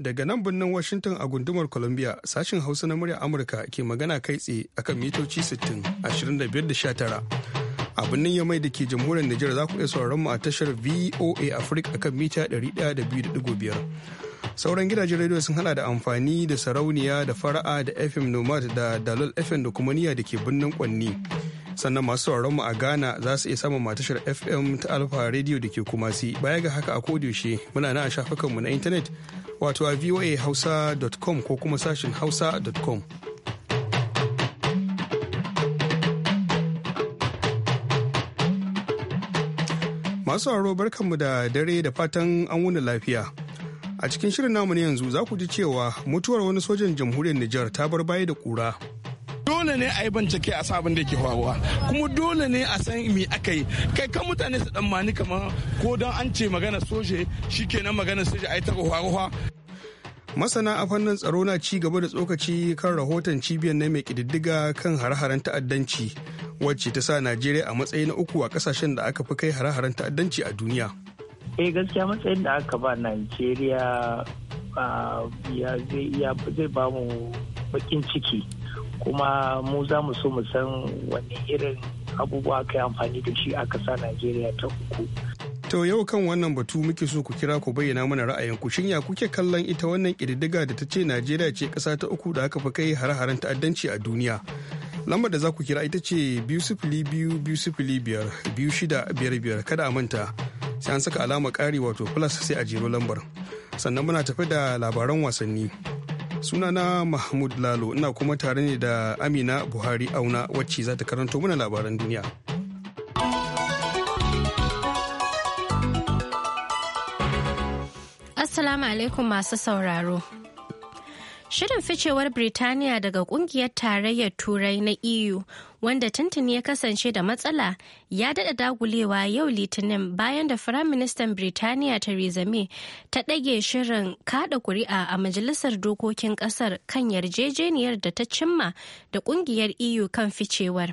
Daga nan birnin Washington a gundumar Columbia sashin Hausa na murya Amurka ke magana kai tsaye akan mitoci 60 25 A birnin Yamai da ke jamhuriyar Nijar za ku iya sauraron mu a tashar VOA Africa akan mita 102.5. Sauran gidajen rediyo sun hada da amfani da sarauniya da fara'a da FM Nomad da Dalol FM da kuma niyya da ke birnin Kwanni. sannan masu sauraron mu a Ghana za su iya samun matashar FM ta alfa Radio da ke kumasi baya ga haka a kodiyoshe muna na a shafukanmu na intanet wato a voa hausa.com ko kuma sashin hausa.com. Masu sauraro barkanmu da dare da fatan an wuni lafiya. A cikin shirin namu na yanzu za ku ji cewa mutuwar wani sojan jamhuriyar Nijar ta bar baya da kura. dole ne a yi bincike a sabon da ke faruwa kuma dole ne a san me aka yi kai kan mutane su dan mani kamar ko don an ce magana soje shikenan magana soje a yi ta faruwa masana a fannin tsaro na ci gaba da tsokaci kan rahoton cibiyar na mai kididdiga kan hare ta'addanci wacce ta sa najeriya a matsayi na uku a kasashen da aka fi kai hare-haren ta'addanci a duniya eh gaskiya matsayin da aka ba najeriya ah, zai ba mu bakin ciki kuma mu za mu so mu san wani irin abubuwa aka yi amfani da shi a kasa najeriya ta uku to yau kan wannan batu muke so ku kira ku bayyana mana ra'ayinku shin ya kuke kallon ita wannan ƙididdiga da ta ce najeriya ce ƙasa ta uku da aka fi kai hare-haren ta'addanci a duniya lambar da za ku kira ita ce biyu sifili biyu biyu sifili biyar biyu shida biyar biyar kada a manta sai an saka alama ƙari wato plus sai a jero lambar sannan muna tafi da labaran wasanni sunana mahmud lalo ina kuma tare ne da amina buhari auna wacce za ta karanto mana labaran duniya assalamu alaikum masu sauraro shirin ficewar birtaniya daga kungiyar tarayyar turai na eu wanda tuntuni ya kasance da matsala ya daɗa dagulewa yau litinin bayan da firaministan birtaniya theresa may ta ɗage shirin kada kuri'a a majalisar dokokin ƙasar kan yarjejeniyar da ta cimma da ƙungiyar eu kan ficewar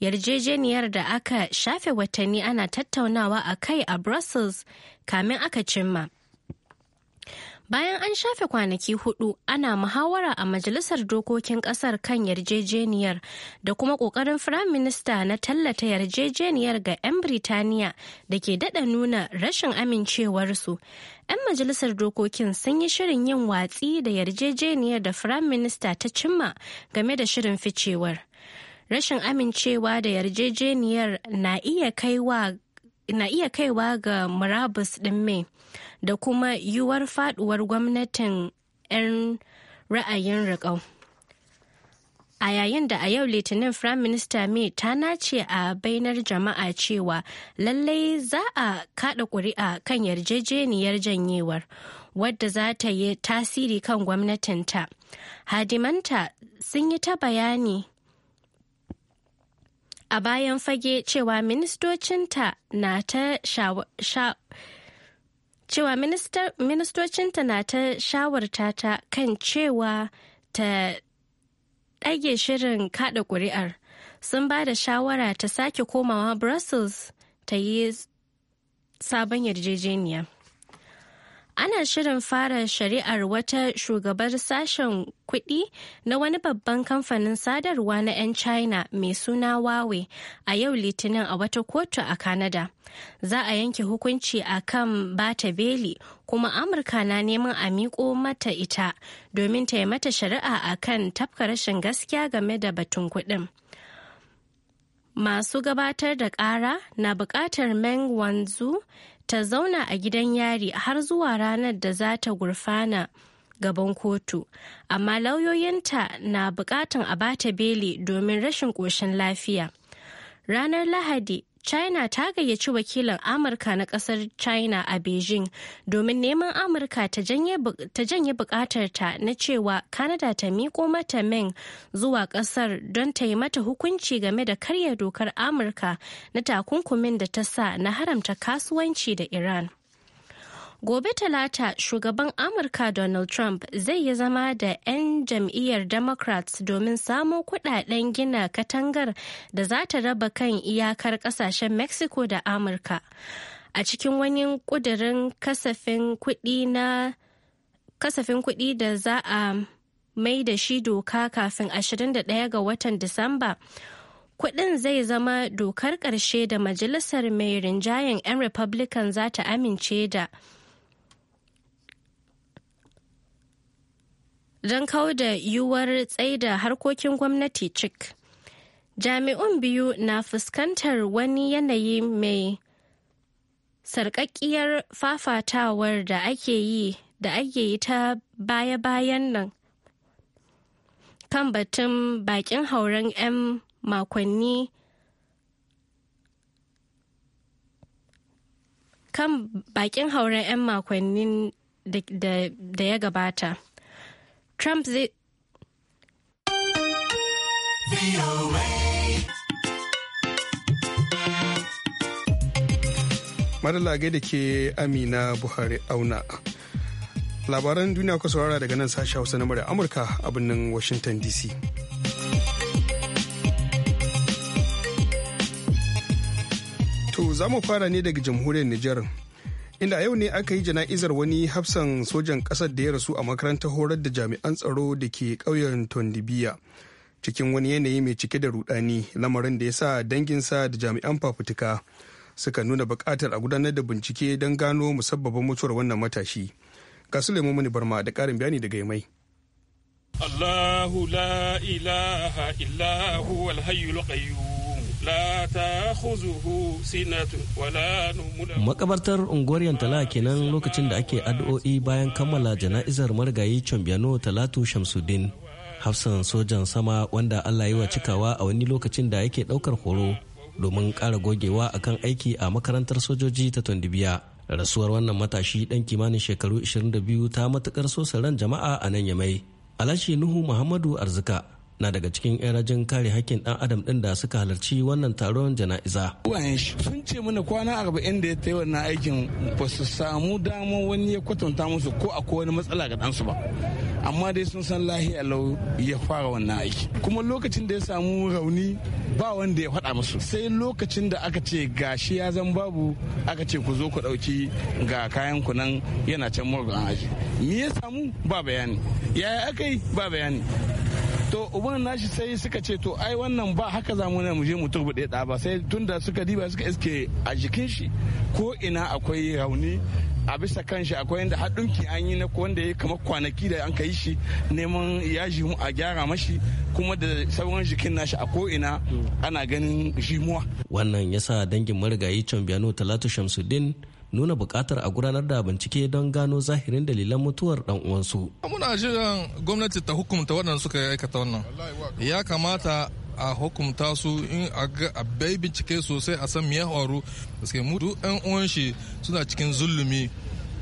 yarjejeniyar da aka shafe watanni ana tattaunawa a kai a brussels kamin aka cimma Bayan an shafe kwanaki hudu ana muhawara a Majalisar Dokokin Ƙasar kan yarjejeniyar da kuma ƙoƙarin Firaminista na tallata yarjejeniyar ga 'yan Birtaniya da ke daɗa nuna rashin amincewarsu. 'Yan Majalisar Dokokin sun yi shirin yin watsi da yarjejeniyar da Firaminista ta cimma game da shirin ficewar. Rashin amincewa da yarjejeniyar na iya kaiwa na iya kaiwa ga murabus ɗin mai da kuma yiwuwar faduwar gwamnatin 'yan ra'ayin riƙau. A yayin da a yau Litinin Prime Minister May ta nace a bainar jama'a cewa lallai za a kada ƙuri'a kan yarjejeniyar janyewar wadda za ta yi tasiri kan gwamnatinta. Hadimanta sun yi ta bayani a bayan fage cewa ministocinta na ta cewa ministocinta na ta shawarta ta kan cewa ta ɗage shirin kaɗa ƙuri'ar sun ba da shawara ta sake komawa brussels ta yi sabon yarjejeniya. ana shirin fara shari'ar wata shugabar sashen kuɗi na wani babban kamfanin sadarwa na 'yan china mai suna wawe a yau litinin a wata kotu a canada za a yanke hukunci a kan bata beli kuma amurka na neman a miƙo mata ita domin ta yi mata shari'a a kan tafka rashin gaskiya game da batun kuɗin masu gabatar da ƙara na buƙatar meng wanzu ta zauna a gidan yari har zuwa ranar da za ta gurfana gaban kotu amma lauyoyinta na bukatan a bata beli domin rashin ƙoshin lafiya ranar lahadi China ta gayyaci wakilin Amurka na ƙasar China a Beijing domin neman Amurka ta janye ta na cewa Canada ta miƙo mata Meng zuwa ƙasar don ta yi mata hukunci game da karya dokar Amurka na takunkumin da ta sa na haramta kasuwanci da Iran. Gobe Talata, shugaban Amurka Donald Trump zai yi zama da 'yan jam'iyyar Democrats domin samo kudaden gina katangar da za ta raba kan iyakar kasashen Mexico da Amurka. A cikin wani kudirin kasafin kudi na kasafin kuɗi da za a mai da shi doka kafin 21 ga watan Disamba. kuɗin zai zama dokar ƙarshe da majalisar mai rinjayen 'yan republican za ta amince da don kawar da yiwuwar tsaida harkokin gwamnati cik. Jami'un biyu na fuskantar wani yanayi mai sarƙaƙƙiyar fafatawar da ake yi da ake yi ta baya-bayan nan kan batun bakin hauren 'yan makonni kan bakin hauren 'yan makonnin da ya gabata. Trump zai Madalla da ke Amina Buhari Auna. Labaran duniya ku saurara daga nan sashen Hausa na murya Amurka a birnin Washington DC. To za mu fara ne daga jamhuriyar Nijar inda yau ne aka yi jana'izar wani hafsan sojan ƙasar da ya rasu a makarantar horar da jami'an tsaro da ke ƙauyen tondibiya cikin wani yanayi mai cike da rudani lamarin da ya sa danginsa da jami'an fafutuka suka nuna buƙatar a gudanar da bincike don gano musabbabin mutuwar wannan matashi ga Suleiman mani Barma da ƙarin bayani daga mai. Allahu la ilaha illahu makabartar unguwar yantala kenan lokacin da ake addu'o'i bayan kammala jana'izar marigayi chambiano talatu shamsuddin hafsan sojan sama wanda allah yi wa cikawa a wani lokacin da yake daukar horo domin ƙara gogewa a kan aiki a makarantar sojoji ta tondibiya rasuwar wannan matashi dan kimanin shekaru 22 ta matukar sosa ran jama'a a nan yamai alashi nuhu muhammadu arzika na daga cikin 'yan rajin kare hakkin dan adam din da suka halarci wannan taron jana'iza. sun ce mana kwana arba'in da ya ta wannan aikin ba su samu damar wani ya kwatanta musu ko a wani matsala ga ɗansu ba. Amma dai sun san lahiya lau ya fara wannan aiki. Kuma lokacin da ya samu rauni ba wanda ya faɗa musu. Sai lokacin da aka ce gashi ya zan babu aka ce ku zo ku ɗauki ga kayan ku nan yana can murgan aji. Me ya samu ba bayani. Yaya aka yi ba bayani. to uban nashi sai suka ce to ai wannan ba haka za mu je mu da ɗa ba sai tunda suka diba suka iske a jikin shi ko ina akwai rauni a bisa kan shi akwai inda haɗinki an yi na wanda ya kama kwanaki da an kai shi neman ya jimu a gyara mashi kuma da sauran jikin nashi a ko'ina ana ganin jimuwa. wannan yasa dangin marigayi can biyano talatu shamsuddin nuna buƙatar a gudanar da bincike don gano zahirin dalilan mutuwar dan uwansu. Muna jiran gwamnati ta hukunta waɗanda suka aikata wannan. Ya kamata a hukunta su in a ga bai bincike sosai a san me ya Suke mutu ɗan uwan shi suna cikin zulumi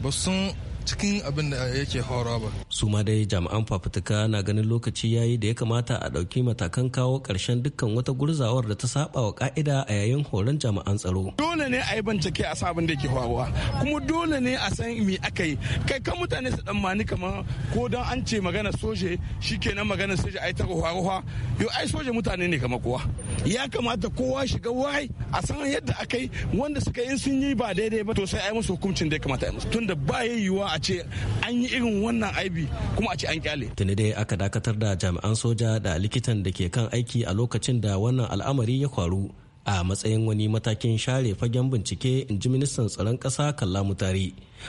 ba sun cikin abin da yake horo ba. su ma dai jami'an fafutuka na ganin lokaci yayi da ya kamata a ɗauki matakan kawo ƙarshen dukkan wata gurzawar da ta saba wa ka'ida a yayin horon jami'an tsaro. dole ne a yi bincike a sabon da yake faruwa kuma dole ne a san me aka yi kai kan mutane su dan mani kamar ko dan an ce magana soje shikenan magana soje ai ta ruwa yo ai soje mutane ne kamar kowa ya kamata kowa shiga wai a san yadda aka yi wanda suka yi sun yi ba daidai ba to sai ai musu hukuncin da ya kamata ai musu tunda ba yayyuwa a ce an yi irin wannan aibi kuma a ce an kyale tuni dai aka dakatar da jami'an soja da likitan da ke kan aiki a lokacin da wannan al'amari ya faru a matsayin wani matakin share fagen bincike in ji ministan tsaron ƙasa kalla mutari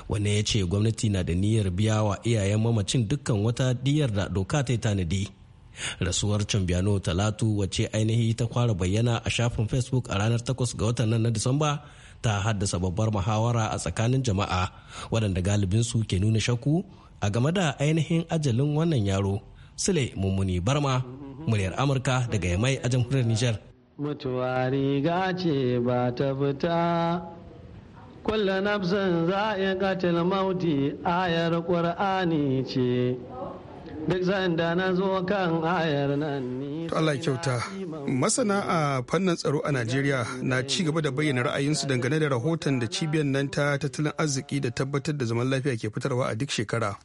wanda ya ce gwamnati na da niyyar biya wa iyayen mamacin dukkan wata diyar da doka ta yi tanadi rasuwar cambiano talatu wace ainihi ta kwara bayyana a shafin facebook a ranar 8 ga watan nan na disamba ta haddasa babbar muhawara a tsakanin jama'a waɗanda galibin su ke nuna shakku a game da ainihin ajalin wannan yaro sule mummuni barma muryar amurka daga yamai a jamhuriyar nijar mutuwa riga ce ba ta fita kulle nafsin za a katil mauti ayar ƙur'ani ce duk sanda na zo kan ayar nan Allah kyauta. Masana a fannin tsaro a Najeriya na ci gaba da bayyana ra'ayinsu dangane da rahoton da cibiyar nan ta tattalin arziki da tabbatar da zaman lafiya ke fitarwa a duk shekara.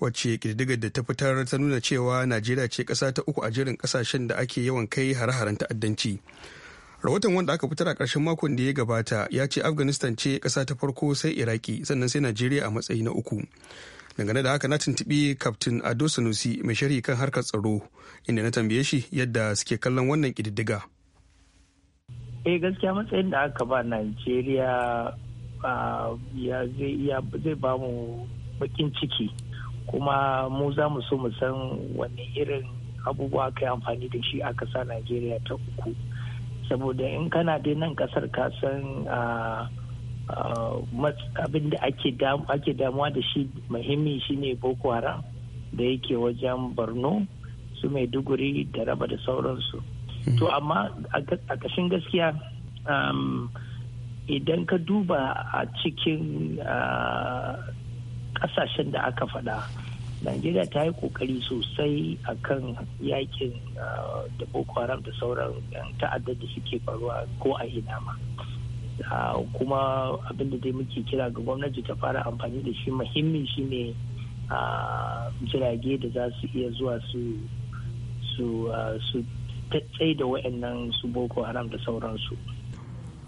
Wacce ƙididdigar da ta fitar ta nuna cewa Najeriya ce kasa ta uku a jirin ƙasashen da ake yawan kai hare-haren ta'addanci. Rahoton wanda aka fitar a ƙarshen makon da ya gabata ya ce Afghanistan ce ƙasa ta farko sai Iraki sannan sai Najeriya a matsayi na uku. dangane da haka na tuntubi kaftin ado sanusi mai shari kan harkar tsaro inda na tambaye shi yadda suke kallon wannan kididdiga. eh gaskiya matsayin da aka ba najeriya zai ba mu bakin ciki kuma mu za mu so mu san wani irin abubuwa aka amfani da shi a ƙasa nigeria ta uku saboda in kana dai nan ƙasar ka san Ah, abin da ake damuwa da shi muhimmi shine boko haram da yake wajen borno su mai duguri da raba da sauransu hmm. to amma a kashin gaskiya um, idan ka duba a cikin kasashen ah, da aka faɗa najeriya ta yi kokari sosai a kan yakin ah, da boko haram da sauran ta'addar da suke faruwa ko a ina ma kuma abinda dai muke kira ga gwamnati ta fara amfani da shi muhimmin shi ne jirage da za su iya zuwa su tattai da wayannan su boko haram da sauransu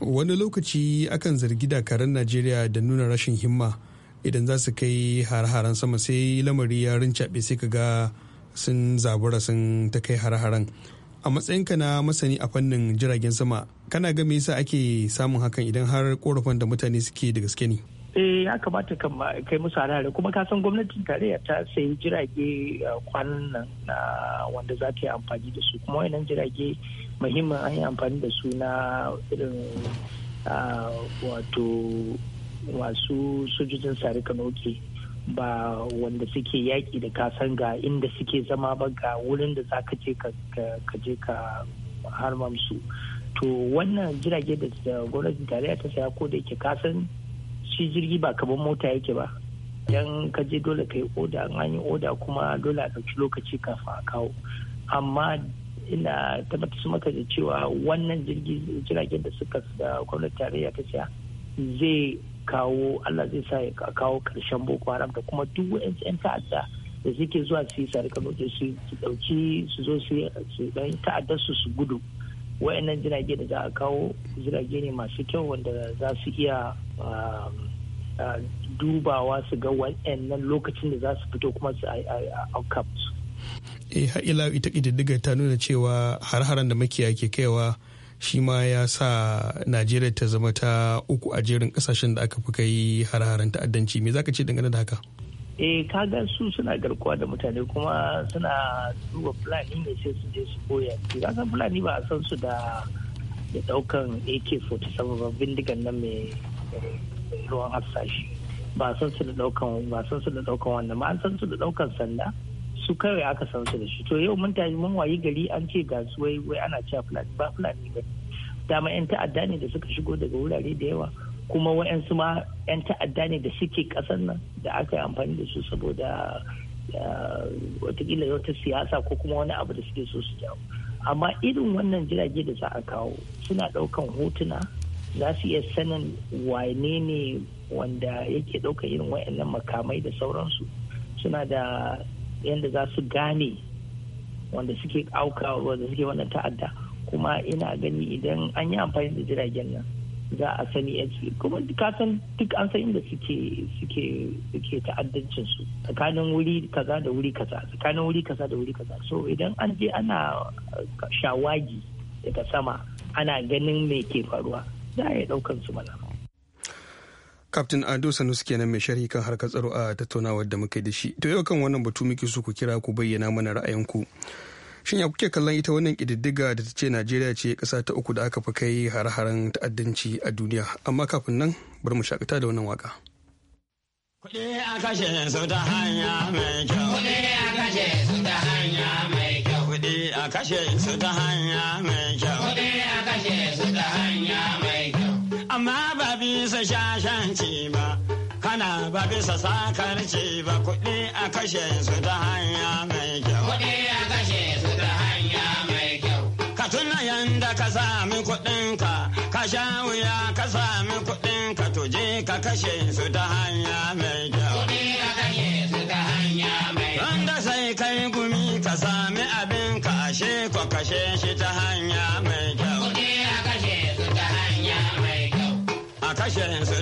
wani lokaci akan zargi dakarun najeriya da nuna rashin himma idan za su kai har-haren sama sai lamari ya rincaɓe sai ka ga sun zabura sun ta kai har-haren a matsayinka na masani a fannin jiragen sama kana ga me yasa ake samun hakan idan har korafin da mutane suke da gaske ne eh ya kamata kai musu harare kuma ka san gwamnatin tarayya ta sayi jirage eh, kwanan nan na wanda za ta yi amfani da su kuma wayannan jirage muhimmin an yi amfani da su na irin ah, wato masu sojojin sare kanoke ba wanda suke yaƙi da kasan ga inda suke zama ba ga wurin da za ka je ka harmamsu to wannan jirage da gwamnatin tarayya ta saya ko da yake kasan shi jirgi ba kaban mota yake ba idan ka je dole ka yi oda an an yi oda kuma dole a ɗauki lokaci kafin a kawo amma ina tabbatar su maka da cewa wannan jirgi jiragen da suka da gwamnatin tarayya ta saya zai kawo Allah zai sa ya kawo karshen boko haram da kuma duk wa'in yan ta'adda da suke zuwa su yi sarkano da su ɗauki su zo su yi ta'addar su su gudu wayannan jirage da za a kawo jirage ne masu kyau wanda za su iya um, dubawa su ga wayannan lokacin da za su fito kuma su outcomes eh har ila ita ƙididdigar ta nuna cewa har-haren da makiya ke kaiwa shi ma ya sa najeriya ta zama ta uku a jerin kasashen da aka fi kai har-haren ta'addanci me zaka ce dangane da haka eh kaga su suna garkuwa da mutane kuma suna duba fulani ne sai su je su koya san fulani ba a san su da da daukan ak-47 ba bindigan nan mai ruwan hasashi ba a san su da daukan ba san su da daukan wannan ba an san su da daukan sanda su kawai aka san su da shi to yau mun tafi mun wayi gari an ce ga su wai wai ana cewa fulani ba fulani ba dama yan ta'adda ne da suka shigo daga wurare da yawa kuma wa'yansu ma 'yan ta'adda ne da suke ƙasar nan da aka yi amfani da su saboda eh, watakila wata siyasa ko kuma wani abu da suke so su jawo amma irin wannan jirage da za a kawo suna ɗaukan hotuna za su iya sanin wane ne wanda yake ɗauka irin wayannan makamai da sauransu suna da yadda za su gane wanda suke auka wanda suke wannan ta'adda kuma ina gani idan an yi amfani da jiragen nan za a sani kuma ka san duk an san inda suke suke ta'addancin su tsakanin wuri kaza da wuri kaza tsakanin wuri kaza da wuri kaza so idan an je ana shawagi daga sama ana ganin me ke faruwa za a yi daukan su mana Kaftin Ado Sanusi kenan mai sharhi kan harkar tsaro a tattaunawar da muka da shi. To yau kan wannan batu muke so ku kira ku bayyana mana ra'ayinku. ku. shin ya kuke kallon ita wannan ƙididdiga da ta ce najeriya ce ƙasa ta uku da aka fi kai har-haren ta'addanci a duniya amma kafin nan bari mu shakata da wannan waka. Kuɗi a kashe su ta hanya mai kyau. Kuɗi a kashe su ta hanya mai kyau. Kuɗi a kashe su ta hanya mai kyau. Kuɗi a kashe su ta hanya mai kyau. Amma ba bisa shashanci ba. ana ba bisa sakarci ba kuɗi a kashe su ta hanya mai kyau. Kuɗi a kashe su ta hanya mai kyau. Ka tuna yanda ka sami kuɗinka, ka sha wuya ka sami kuɗinka tuje ka kashe su ta hanya mai kyau. Kuɗi a kashe su ta hanya mai kyau. Wanda sai kai gumi ka sami abin ka ashe ko kashe shi ta hanya mai kyau. Kuɗi a kashe su ta hanya mai kyau. A kashe su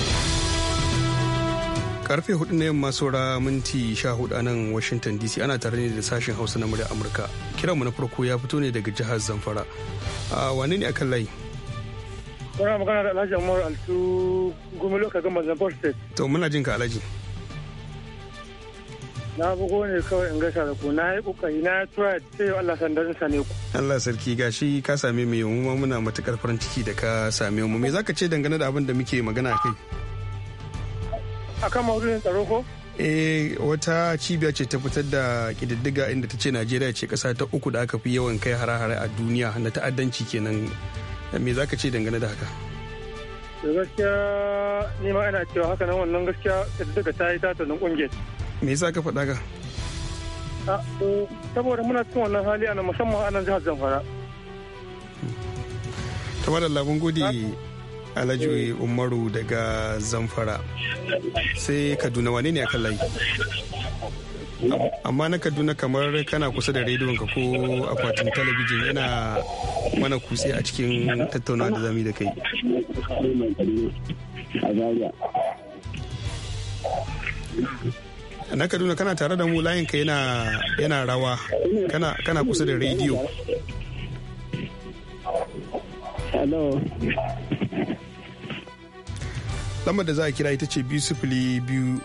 karfe hudu na yamma saura minti sha hudu nan washington dc ana tare ne da sashen hausa na murya amurka mu na farko ya fito ne daga jihar zamfara a wane ne akan layi muna magana da alhaji amur altu gumi loka gama zamfara state to muna jin ka alhaji na bugo ne kawai in gaisa da ku na yi kokari na tura ce Allah sandarin ne ku Allah sarki gashi ka same mu yi muna matukar farin ciki da ka same mu me zaka ce dangane da abin da muke magana a kai akan maudu'in tsaro ko eh wata cibiya ce ta fitar da kididdiga inda ta ce najeriya ce kasa ta uku da aka fi yawan kai hare-hare a duniya na ta'addanci kenan me za ka ce dangane da haka gaskiya ni ma ina cewa haka nan wannan gaskiya kididdiga ta yi tata nan kungiyar me yasa ka faɗa ka saboda muna cikin wannan hali a musamman a nan jihar zamfara tabar da labun gudi Alhaji Umaru daga Zamfara. Sai Kaduna wane ne a layi? Amma na Kaduna kamar kana kusa da rediyon ka ko akwatin talabijin yana mana kutse a cikin tattaunawa da zami da kai. na kaduna kana tare da mu layin yana yana rawa kana kana kusa da rediyo lamar da za a kira ita ce biyu sifili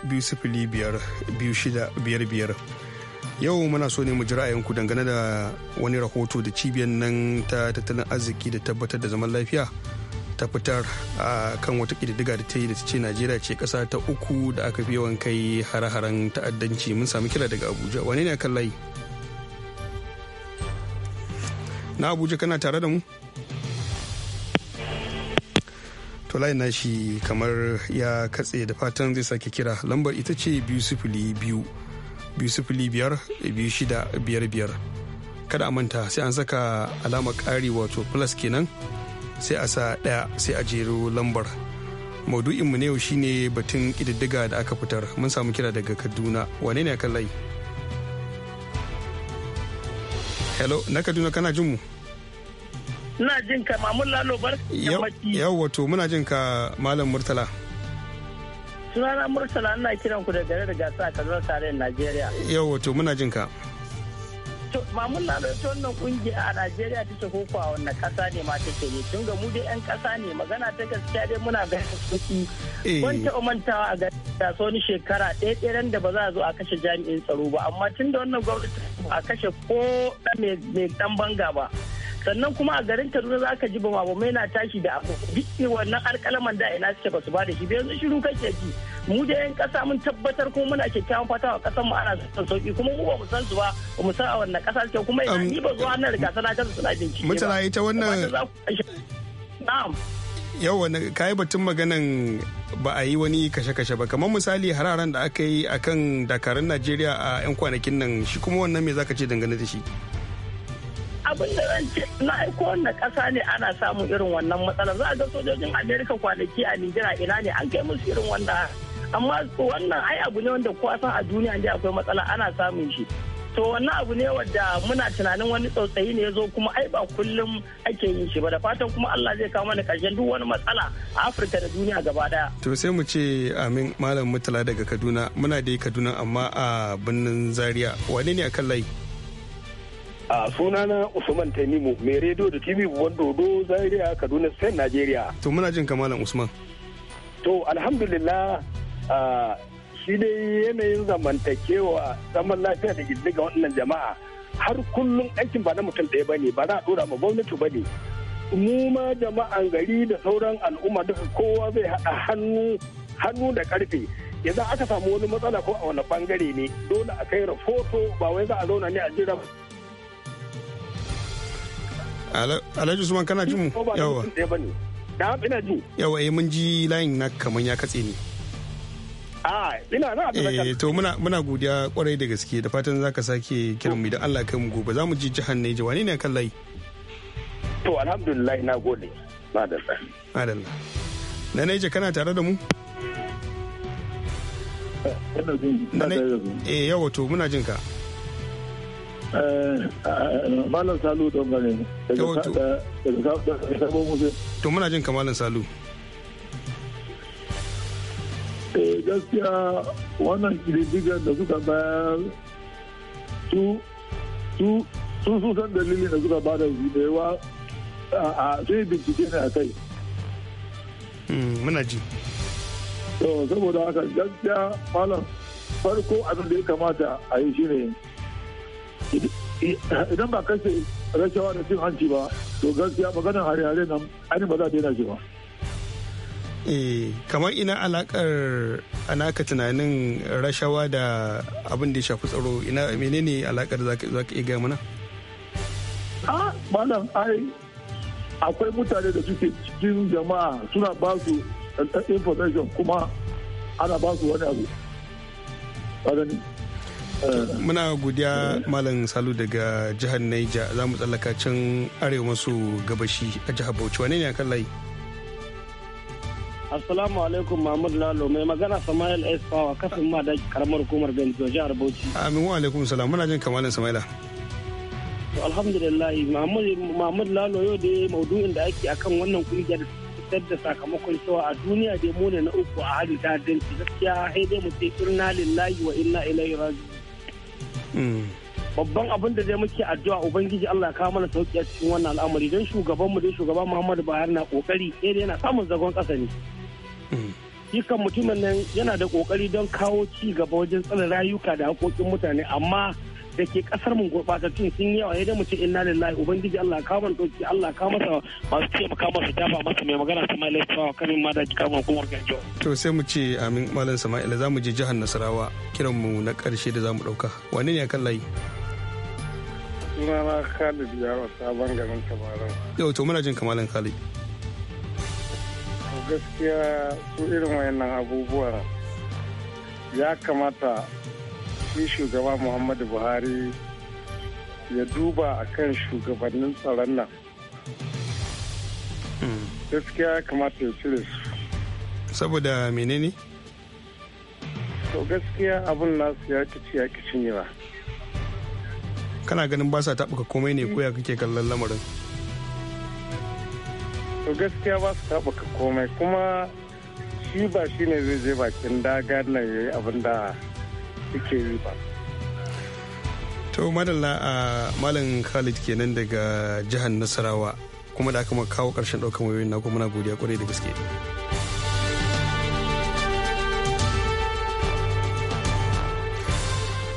biyu sifili biyar biyu shida biyar biyar yau muna so ne mu ji ku dangane da wani rahoto da cibiyar nan ta tattalin arziki da tabbatar da zaman lafiya ta fitar a kan wata kididdiga da ta yi da ta ce najeriya ce kasa ta uku da aka fi yawan kai har haren ta'addanci mun sami kira daga abuja wane ne kan layi na abuja kana tare da mu to layin nashi kamar ya katse da fatan zai sake kira lambar ita ce biyu sifili biyu biyu sifili biyar biyu shida biyar biyar kada a manta sai an saka alamar kari wato plus kenan sai a sa ɗaya sai a jero lambar maudu'inmu na yau shine batun ƙididdiga da aka fitar mun samu kira daga kaduna wane ne kan layi hello na kaduna kana jin mu Ina jin ka Mamun lalobar bar Yau wato muna jin ka Malam Murtala. Sunana Murtala ina kiran ku da gare da gasa a Kaduna tarayyar Najeriya. Yau wato muna jin ka. Mamun Lalo ta wannan kungiya a Najeriya ta ce ko kuwa wannan kasa ne ma ce. ne tun ga mu dai yan kasa ne magana ta gaskiya dai muna ga suki. Eh. Ban taɓa mantawa a ta so ni shekara ɗaya ɗaya da ba za a zo a kashe jami'in tsaro ba amma tun da wannan gwamnati a kashe ko mai ɗan banga ba. sannan kuma a garin kaduna za ka ji ba mai na tashi da abu duk wannan alkalaman da ina suke ba su ba da shi ba yanzu shiru kake ji mu da yan kasa mun tabbatar kuma muna kyakkyawan fata wa kasan mu ana son sauki kuma mu ba mu san su ba ba mu san a wannan kasa ce kuma ina ni ba zuwa nan riga sana kasa suna bincike mutala ita wannan na'am yau wani kayi batun maganan ba a yi wani kashe-kashe ba kamar misali hararen da aka yi akan dakarun najeriya a 'yan kwanakin nan shi kuma wannan me zaka ce dangane da shi abin da zan ce na aiko wannan kasa ne ana samun irin wannan matsala za a ga sojojin amerika kwanaki a nigeria ina ne an kai musu irin wannan amma wannan ai abu ne wanda kowa san a duniya ne akwai matsala ana samun shi to wannan abu ne wadda muna tunanin wani tsautsayi ne ya zo kuma ai ba kullum ake yin shi ba da fatan kuma Allah zai kawo mana karshen duk wani matsala a Afirka da duniya gaba daya to sai mu ce amin malam mutala daga Kaduna muna dai Kaduna amma a birnin Zaria wane ne akan layi a sunana usman tanimu mai rediyo da tv buwan dodo zaria kaduna state najeriya. to muna jin kamalan usman to alhamdulillah shi dai yanayin zamantakewa zaman lafiya da gizli ga wannan jama'a har kullum aikin ba na mutum ɗaya bane ba za a ɗora ma gwamnati bane mu ma jama'an gari da sauran al'umma duka kowa zai haɗa hannu hannu da ƙarfe idan aka samu wani matsala ko a wani bangare ne dole a kai rahoto ba wai za a zauna ne a jira Alhaji Usman kana jin mu? Yawa. Da ina ji. Yawa eh mun ji layin na kaman ya katse ne. Ah, ina na Eh to muna muna godiya kwarai da gaske da fatan zaka sake kiran mu idan Allah kai mu gobe. Za mu ji jihar Neja wane ne kan layi? To alhamdulillah na gode. Madalla. Madalla. Na Neja kana tare da mu? Eh, eh yawa to muna jin ka. Eh, malam Salu don gane musu. To muna jin kamalin Salu. Eh gaskiya wannan kididdigar da suka bayar su su san dalilin da suka bada su da yawa a sai bincike ne a kai. Hmm, muna ji. To saboda haka gaskiya malam farko abin da ya kamata a yi shi ne idan ba kashe rashawa da cin hanci ba to gaskiya maganar hare-hare nan ainihin ba za a daina shi ba. eh kamar ina alakar anaka tunanin rashawa da abin da ya shafi tsaro ina menene alakar za ka iya gaya mana? a malam ai akwai mutane da suke cikin jama'a suna ba su information kuma ana ba su wani abu muna godiya malam salu daga jihar naija za mu tsallaka can arewa masu gabashi a jihar bauchi wane ne a kan layi assalamu alaikum mahmud lalo mai magana samayil s power kafin ma da karamar hukumar benjo jihar bauchi amin wa alaikum salam muna jin kamalin samaila alhamdulillah mahmud lalo yau da maudu'in da ake akan wannan kungiyar fitar da sakamakon cewa a duniya dai mu ne na uku a halin ta'addanci gaskiya sai dai mu ce inna lillahi wa inna ilaihi raji'un babban abin da zai muke addu'a ubangiji Allah ya kawo mana sauki a cikin wannan al'amari don shugaban mu dai shugaba Muhammadu Buhari na kokari eh yana samun zagon kasa ne dukan mutumin nan yana da kokari don kawo ci gaba wajen tsare rayuka da hakokin mutane amma da ke kasar mu gurbatattun sun yi yawa ya mu ce inna lillahi ubangiji Allah ka ban doki Allah ka masa masu taimaka masa dafa masa mai magana Sama'ila Sawa kanin ma da kamar hukumar Ganjo to sai mu ce amin malam Sama'ila zamu je jihar Nasarawa kiran mu na karshe da zamu dauka wani ne kan layi sunana Khalid Yawa sabon garin kamalan. yau to muna jin kamalan Khalid gaskiya su irin wayannan abubuwa ya kamata shi shugaba muhammadu buhari ya duba a kan shugabannin tsaron nan gaskiya kamata ya cire su saboda menene to gaskiya abin nasu ya kici ya kici ne ba kana ganin ba sa taɓuka komai ne ko ya kake kallon lamarin to gaskiya ba su taɓuka komai kuma shi ba shi ne zai je bakin daga nan ya yi abin da suke yi ba to madalla a malam khalid kenan daga jihar nasarawa kuma da aka kawo karshen ɗaukan wayoyin na kuma na godiya kwarai da gaske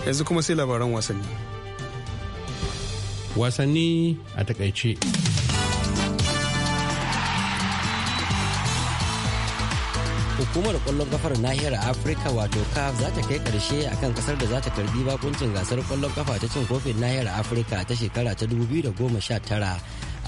yanzu kuma sai labaran wasanni wasanni a takaice hukumar kwallon kafar nahiyar afirka wato caf za ta kai karshe a kan kasar da za ta karbi bakuncin gasar kwallon kafa ta cin kofin nahiyar afirka ta shekara ta 2019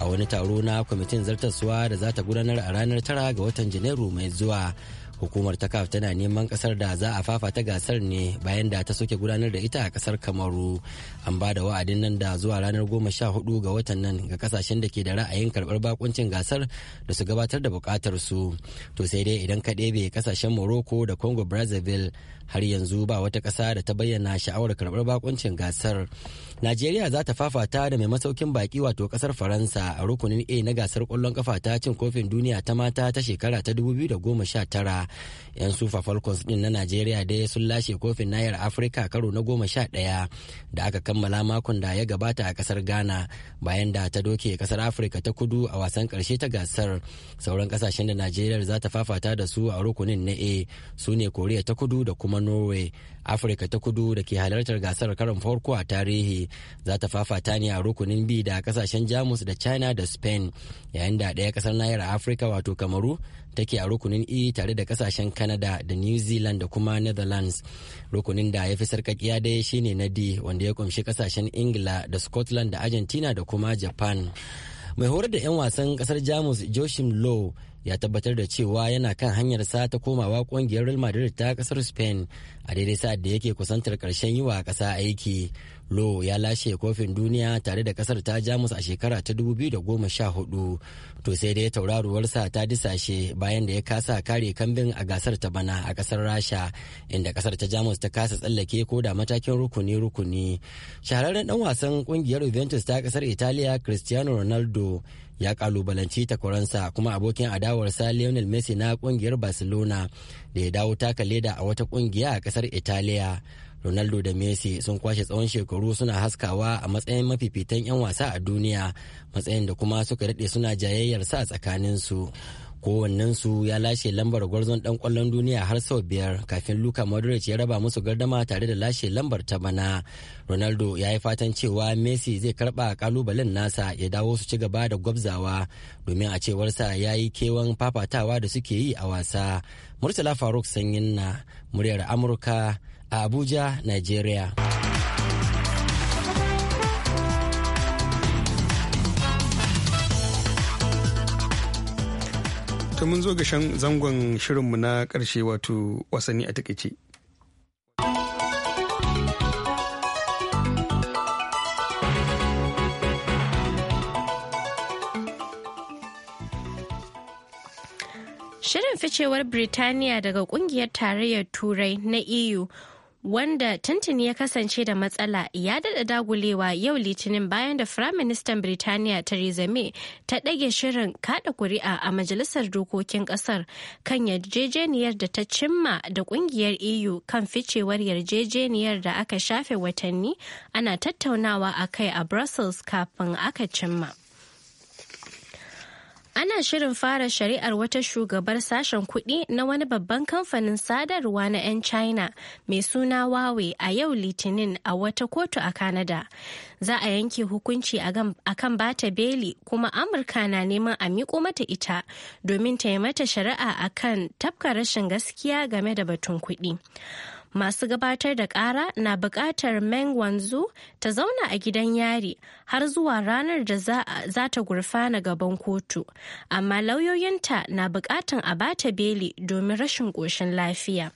a wani taro na kwamitin zartaswa da za ta gudanar a ranar 9 ga watan janairu mai zuwa hukumar ta kaf tana neman kasar da za a fafata gasar ne bayan da ta soke gudanar da ita a kasar kamaru an ba da wa'adin nan da zuwa ranar goma sha hudu ga watan nan ga kasashen da ke da ra'ayin karbar bakuncin gasar da su gabatar da bukatar su to sai dai idan ka ɗebe kasashen morocco da congo brazzaville har yanzu ba wata ƙasa da ta bayyana sha'awar karɓar bakuncin gasar najeriya za ta fafata da mai masaukin baki wato ƙasar faransa a rukunin a na gasar kwallon ƙafa ta cin kofin duniya ta mata ta shekara ta 2019 yan sufa falcons din na najeriya dai sun lashe kofin nayar afirka karo na 11 da aka kammala makon da ya gabata a ƙasar ghana bayan da ta doke ƙasar afirka ta kudu a wasan karshe ta gasar sauran ƙasashen da najeriya za ta fafata da su a rukunin na a su ne koriya ta kudu da kuma norway afirka ta kudu da ke halartar gasar karon farko a tarihi za ta fafata ne a rukunin bi da kasashen jamus da china da spain yayin da ɗaya kasar nahiyar afirka wato kamaru take a rukunin e tare da kasashen canada da new zealand da kuma netherlands rukunin da ya fi sarkakiya dai shine na d wanda ya kumshi kasashen ingila da scotland da argentina da kuma japan mai horar da 'yan wasan kasar jamus joshim low ya tabbatar da cewa yana kan hanyar sa ta komawa kungiyar Real Madrid ta kasar Spain a daidai sa'ad da yake kusantar karshen yi wa kasa aiki. Lo ya lashe kofin duniya tare da kasar ta Jamus a shekara ta 2014 to sai dai tauraruwarsa ta disashe bayan da ya kasa kare kambin a gasar ta bana a kasar Rasha inda kasar ta Jamus ta kasa tsallake ko da matakin rukuni-rukuni. Shahararren dan wasan kungiyar Juventus ta kasar Italiya Cristiano Ronaldo ya kalubalanci takwaransa kuma abokin adawarsa lionel messi na kungiyar barcelona da ya dawo taka leda a wata kungiya a kasar italiya ronaldo da messi sun kwashe tsawon shekaru suna haskawa a matsayin mafifitan 'yan wasa a duniya matsayin da kuma suka daɗe suna jayayyar sa tsakaninsu kowannensu ya lashe lambar gwarzon dan kwallon duniya har sau biyar kafin luka modric ya raba musu gardama tare da lashe lambar ta bana ronaldo ya yi fatan cewa messi zai karba kalubalen nasa ya dawo su ci gaba da gwabzawa domin a cewarsa ya yi kewan fafatawa da suke yi a wasa murtala faruk sanyin na muryar amurka a abuja nigeria to mun zo ga zangon shirinmu na karshe wato wasanni a takaice. Shirin ficewar Birtaniya daga kungiyar tarayyar Turai na EU wanda tuntuni ya kasance da matsala ya dada dagulewa yau litinin bayan da firaministan birtaniya theresa may ta ɗage shirin kada kuri'a a majalisar dokokin ƙasar kan yarjejeniyar da ta cimma da ƙungiyar eu kan ficewar yarjejeniyar da aka shafe watanni ana tattaunawa a kai a brussels kafin aka cimma Ana shirin fara shari'ar wata shugabar sashen kuɗi na wani babban kamfanin sadarwa na 'yan China mai suna Huawei a yau Litinin a wata kotu a Canada. Za a yanke hukunci a kan bata beli kuma Amurka na neman a miƙo mata ita domin ta yi mata shari'a a kan tafka rashin gaskiya game da batun kuɗi. masu gabatar da ƙara na buƙatar Meng Wanzu ta zauna a gidan yari har zuwa ranar da za ta gurfana gaban kotu, amma lauyoyinta na bukatan a bata beli domin rashin ƙoshin lafiya.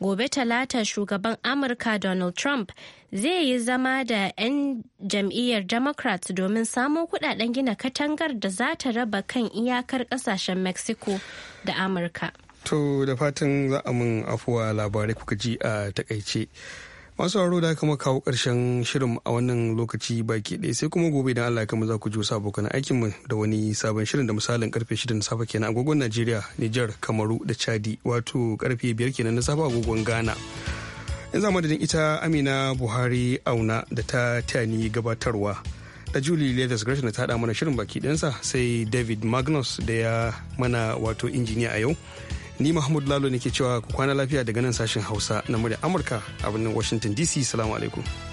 gobe talata shugaban amurka donald trump zai yi zama da 'yan jam'iyyar democrats domin samo kudaden gina katangar da za ta raba kan iyakar kasashen mexico da amurka To da fatan za a mun afuwa labarai kuka ji a takaice. Masu haro da aka kawo ƙarshen shirin a wannan lokaci baki ɗaya sai kuma gobe idan Allah ya kama za ku ji wasu abokan aikinmu da wani sabon shirin da misalin karfe shirin na safe kenan agogon Najeriya, Nijar, Kamaru da Chadi wato karfe biyar kenan na safa agogon Ghana. In za da ita Amina Buhari Auna da ta tani gabatarwa. da Julie Leathers Gresham da ta haɗa mana shirin baki ɗansa sai David Magnus da ya mana wato injiniya a yau. ni mahmud lalo ne ke cewa ku kwana lafiya daga nan sashen hausa na murya amurka a birnin washington dc salamu alaikum